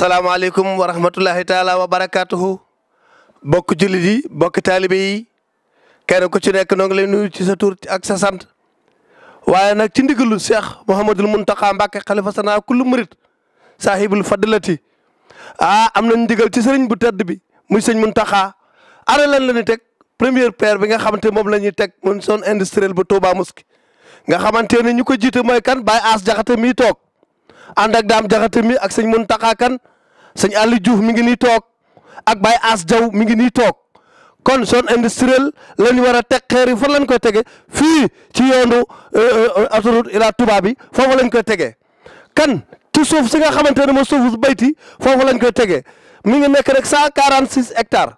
asalaamaaleykum wa rahmatullahi taala wa barakaatuhu bokk jullit yi bokk taalibe yi kenn ku ci nekk noo ngi lay nuyu ci sa tur ak sa sant waaye nag ci ndigalu Cheikh Mouhamadul Mountakha Mbacké xalifa sana kullu murit saahibul fadilati ah am nañ ndigal ci sëriñ bu tedd bi muy sëñ Mountakha ana lan la ñuy teg premier pierre bi nga xamante moom la ñuy teg mun zone industrielle bu Touba Mosquée nga xamante ne ñu ko jiit mooy kan Baye Ass Jaxate mi toog ànd ak daam jaxate mi ak sëñ Mountakha kan sëñ Aliou Diouf mi ngi nii toog ak Baye As jaw mi ngi nii toog kon zone industrielle la ñu war a teg xeer yi fan lañ koy tege fii ci yoonu euh, euh, autoroute Ila Touba bi foofu lañ koy tegee kan ci suuf si nga xamante ne ma suufu bayti foofu lañ koy tegee mi ngi nekk rek cent quarante six hectares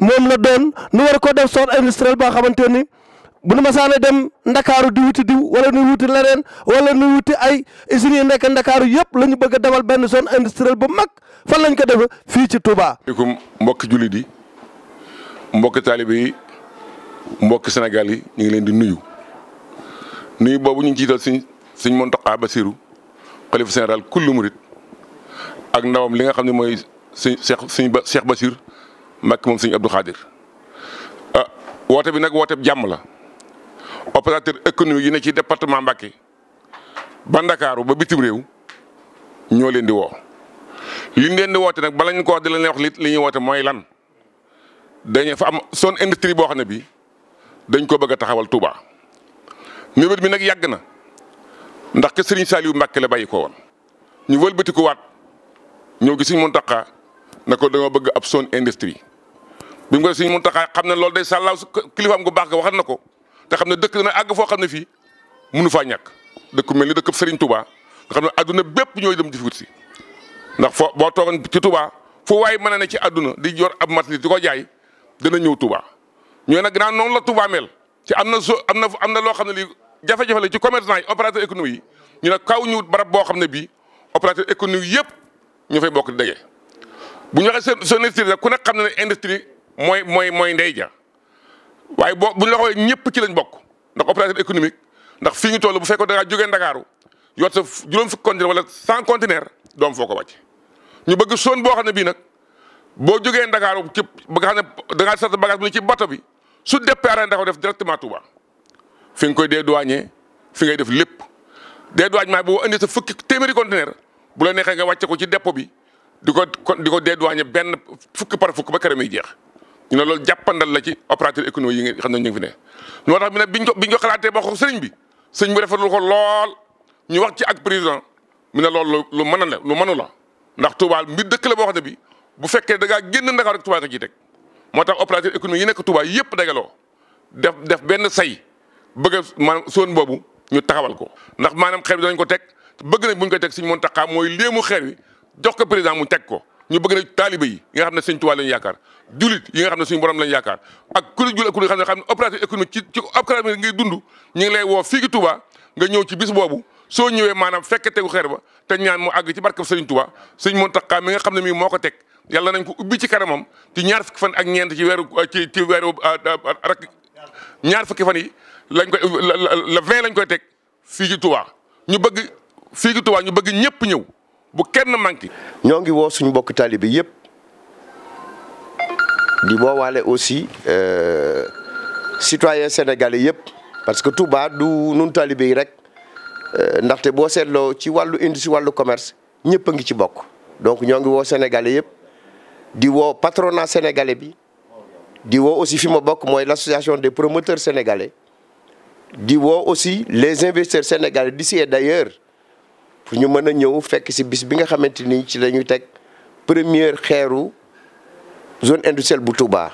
moom la doon nu war ko def zone industrielle boo xamante ni bu nu masaana dem ndakaaru di wuti diw wala nu wuti leneen wala nu wuti ay usines yi nekk ndakaaru yëpp lañu ñu bëgg a demal benn zone industrielle bu mag fan lañ ko defe fii ci Touba. asalaamaaleykum mbokki jullit yi mbokki taalibe yi mbokki Sénégal yi ñu ngi leen di nuyu nuyu boobu ñu ngi ciital suñ suñ Mountakha Bassirou xalifa général kullu murit ak ndawam li nga xam ne mooy suñ Cheikh suñ Cheikh Bassir Mbacké moom suñ Abdou Khadir ah woote bi nag woote jàmm la. opérateur économique yi ne ci département Mbacké ba Ndakaaru ba bitim réew ñoo leen di woo li ñu leen di woote nag bala ñu ko wax di leen wax liit li ñuy woote mooy lan dañu fa am zone industrie boo xam ne bi dañ ko bëgg a taxawal Touba mébét mi nag yàgg na ndax ke Serigne Saliou Mbacké la bàyyi ko woon ñu wëlbati ko waat ñëw gi Serigne Mountakha na ko dañoo bëgg ab zone industrie bi mu ko mun Mountakha xam ne loolu day sàllaaw kilifaam gu baax ga waxat na ko te xam ne dëkk na àgg foo xam ne fii mënu faa ñàkk dëkk mel ni dëkk Serigne Touba nga xam ne adduna bépp ñooy dem di fi si ndax foo boo toogoon ci Touba fu waay mën a ne ci adduna di yor ab matériel di ko jaay dana ñëw Touba. ñooy nag gannaaw noonu la Touba mel ci am na so am na am na loo xam ne lii jafe-jafe la ci commerçant yi opérateur économique yi ñu ne kaw ñu barab boo xam ne bii opérateur économique yëpp ñu fay bokk di daje bu ñu waxee seen industrie ku nekk xam na ne industrie mooy mooy mooy ndey ja waaye boo buñ la xoolee ñëpp ci lañ bokk ndax opérateur économique ndax fii ñu toll bu fekkoon da ngaa jógee Ndakaaru yor sa juróom fukki conteneur wala cent conteneur doom foo ko wàcc ñu bëgg zone boo xam ne bii nag boo jógee Ndakaaru ci ba nga xam ne da ngaa sart bagage bu ne ci bato bi su départ da ko def directement Touba fi nga koy dee dédouaner fi ngay def lépp dédouanement bu indi sa fukki téeméeri conteneur bu la neexee nga wàcce ko ci dépôt bi di ko di ko dédouaner benn fukki par fukki ba këram yi jeex. ñu ne loolu jàppandal la ci opérateur économique yi nga xam ne ñu ngi ne moo tax ne biñ ko biñ ko xalaatee boo ko bi sëriñ bi rafetlu ko lool ñu wax ci ak président mi ne loolu lu mën a la lu mënu la ndax Touba mbir dëkk la boo xam ne bi bu fekkee da ngaa génn Ndakaar rek Touba nga ciy teg moo tax opérateur économique yi nekk Touba yëpp dajaloo def def benn say bëgg a zone boobu ñu taxawal ko ndax maanaam xeer bi dañ ko teg bëgg nañ buñ ko teg Sëriñ Mountakha mooy léemu xeer wi jox ko président mu teg ko ñu bëgg nag taaliba yi yi nga xam ne sëñ Tuubaa lañu yaakaar julit yi nga xam ne suñu borom lañu yaakaar ak kuréel jul ak kuréel nga xam ne opération économique ci ci opération ngay dund ñu ngi lay woo fii ci Touba nga ñëw ci bis boobu soo ñëwee maanaam fekk tegu xeer ba te ñaan mu àgg ci barkab sëriñ Tuubaa sëñ Mountakha mi nga xam ne mii moo ko teg yàlla nañ ko ubbi ci kanamam ci ñaar fukki fan ak ñeent ci weeru ci ci weeru ah, ah, ah, rak ñaar fukki fan yi lañ koy la vingt lañ koy teg fii ci Touba ñu bëgg fii ci Touba ñu bëgg ñëpp ñëw bu kenn manqué. ñoo ngi woo suñu mbokk taalibe yëpp di woowaale aussi euh, citoyen sénégalais yëpp parce que Touba du nun taalibe yi rek euh, ndaxte boo seetloo ci wàllu industrie wàllu commerce ñëpp a ngi ci bokk donc ñoo ngi woo sénégalais yëpp di woo patronat sénégalais bi di woo aussi fi ma bokk mooy l'association des promoteurs sénégalais di woo aussi les investisseurs sénégalais d'ici et d'ailleurs pour ñu mën a ñëw fekk si bis bi nga xamante ni ci la ñu teg première xeeru zone industrielle bu Touba.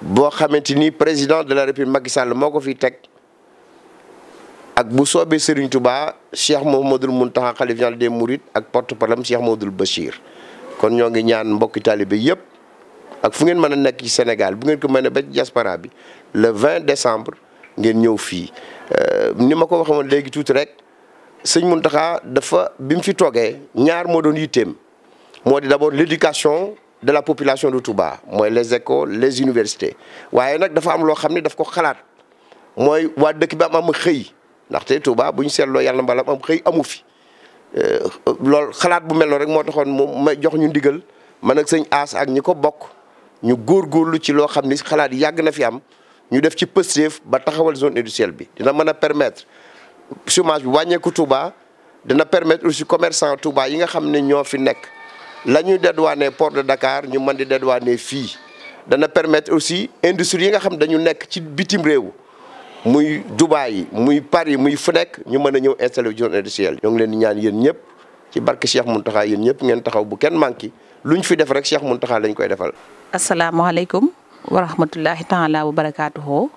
boo xamante ni président de la république Macky Sall moo ko fi teg ak bu soobee Serigne Touba Cheikh Mouhamadoul Mountakha khalife général des Mourides ak porte-parole Cheikh Mouhamadoul Bachir. kon ñoo ngi ñaan mbokki taalibe yëpp ak fu ngeen mën a nekk ci Sénégal bu ngeen ko mën a ba jaspara bi le 20 décembre ngeen ñëw fii euh, ni ma ko waxoon léegi tuuti rek. sëñ mun Mountakha dafa bi mu fi toogee ñaar moo doon yitteem moo di d'abord l'éducation de la population de Touba mooy les écoles les universités waaye nag dafa am loo xam ne daf ko xalaat mooy waa dëkk bi am am xëy ndaxte Touba bu ñu seetloo yàlla mbala am xëy amu fi euh, loolu xalaat bu mel noonu rek moo taxoon moom ma jox ñu ndigal man ak sëñ As ak ñi ko bokk ñu góor góorgóorlu ci loo xam ni xalaat yàgg na fi am ñu def ci pësteef ba taxawal zone industrielle bi dina mën a permettre chômage bi wàññeeku Touba dina permettre aussi commercant Touba yi nga xam ne ñoo fi nekk la ñuy dédouaner port de Dakar ñu mën di dédouaner fii dana permettre aussi industrie yi nga xam dañu nekk ci bitim réew muy Dubaï muy Paris muy fu nekk ñu mën a ñëw installé wu zone industrielle ñoo ngi leen di ñaan yéen ñëpp ci barke Cheikh Mountakha yéen ñëpp ngeen taxaw bu kenn manqué luñ fi def rek Cheikh Mountakha lañ koy defal. asalaamaaleykum wa rahmatulahi taala wa barakaatuhu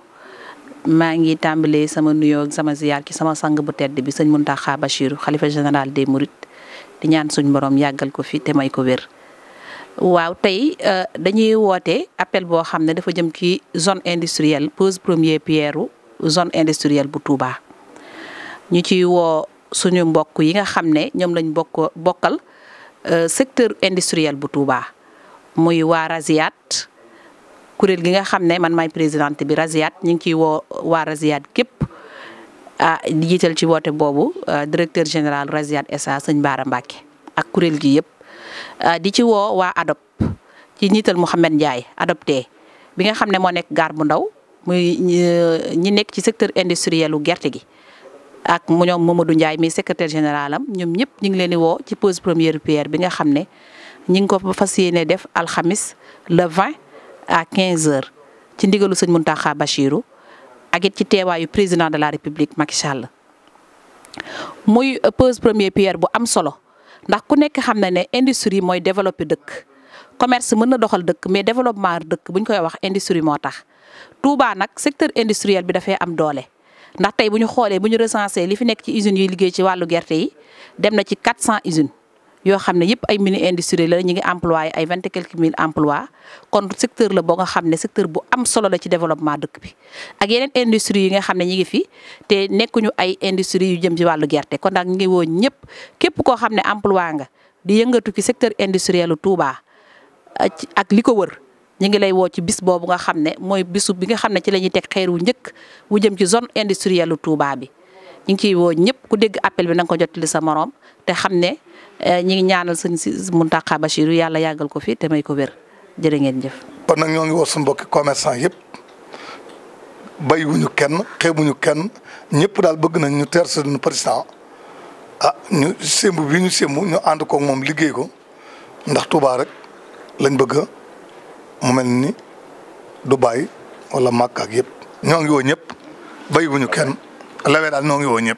maa ngi tàmbalee sama nuyoo ak sama ziyaar ci sama sang bu tedd sañ sëñ Mountakha Bachirou xalifa général de murit di ñaan suñ borom yàggal ko fi te may ko wér. waaw tey euh, dañuy woote appel boo xam ne dafa jëm ci zone industrielle pose première pierre zone industrielle bu Touba ñu ci woo suñu mbokk yi nga xam ne ñoom lañ bokk bokkal euh, secteur industriel bu Touba muy waa Rasiat kuréel gi nga xam ne man maay présidente bi Raziat ñu ngi ciy woo waa Raziat képp ah di jiital ci woote boobu ah, directeur général Raziat SA sëñ Baara Mbacke ak kuréel gi yëpp ah, di ci woo waa adop ci ñiital Mouhamed Ndiaye adopté bi nga xam ne moo nekk gaar bu ndaw muy ñi nekk ci secteur industriel lu gerte gi ak mu ñoom Mamadou njaay mi secretaire général am ñoom ñëpp ñu ngi leen di woo ci pose première pierre bi nga xam ne ñi ngi ko fas yéene def alxamis le 20 à 15 heures ci ndigalu sëñ Mountakha Bachirou ak it ci teewaayu président de la république Macky Sall muy pose premier pierre bu am solo ndax ku nekk xam na ne industrie mooy développer dëkk commerce mën na doxal dëkk mais développement dëkk bu ñu koy wax industrie moo tax. Touba nag secteur industriel bi dafay am doole ndax tey bu ñu xoolee bu ñu recensé li fi nekk ci usines yuy liggéey ci wàllu gerte yi dem na ci 400 usines. yoo xam ne yëpp ay mini industrie la ñu ngi employé ay vingt et quelques mille emplois kon secteur la boo nga xam ne secteur bu am solo la ci développement dëkk bi ak yeneen industrie yi nga xam ne ñu ngi fi te nekkuñu ay industrie yu jëm ci wàllu gerte kon nag ñu ngi woo ñëpp képp koo xam ne emploi nga di yëngatu ki secteur industriel Touba ak li ko wër ñu ngi lay woo ci biss boobu nga xam ne mooy bisu bi nga xam ne ci la ñuy teg xeer wu njëkk wu jëm ci zone industrielle Touba bi ñu ngi ciy woo ñëpp ku dégg appel bi na ko jottali sa morom te xam ne eh, ñi ngi ñaanal sëñ si Mountakha Bachirou yàlla yàggal ko fi te may ko wér jërë ngeen jëf. kon nag ñoo ngi woo suñu mbokki commerçant yëpp bàyyiwuñu kenn xeebuñu kenn ñëpp daal bëgg nañ ñu teer suñu président ah ñu sémb bi ñu sémb ñu moom liggéey ko ndax Touba rek lañ bëgg mu mel ni du Dubaay wala Màkka ak yëpp ñoo ngi woo ñëpp bàyyiwuñu kenn. lawee daal noo ngi woo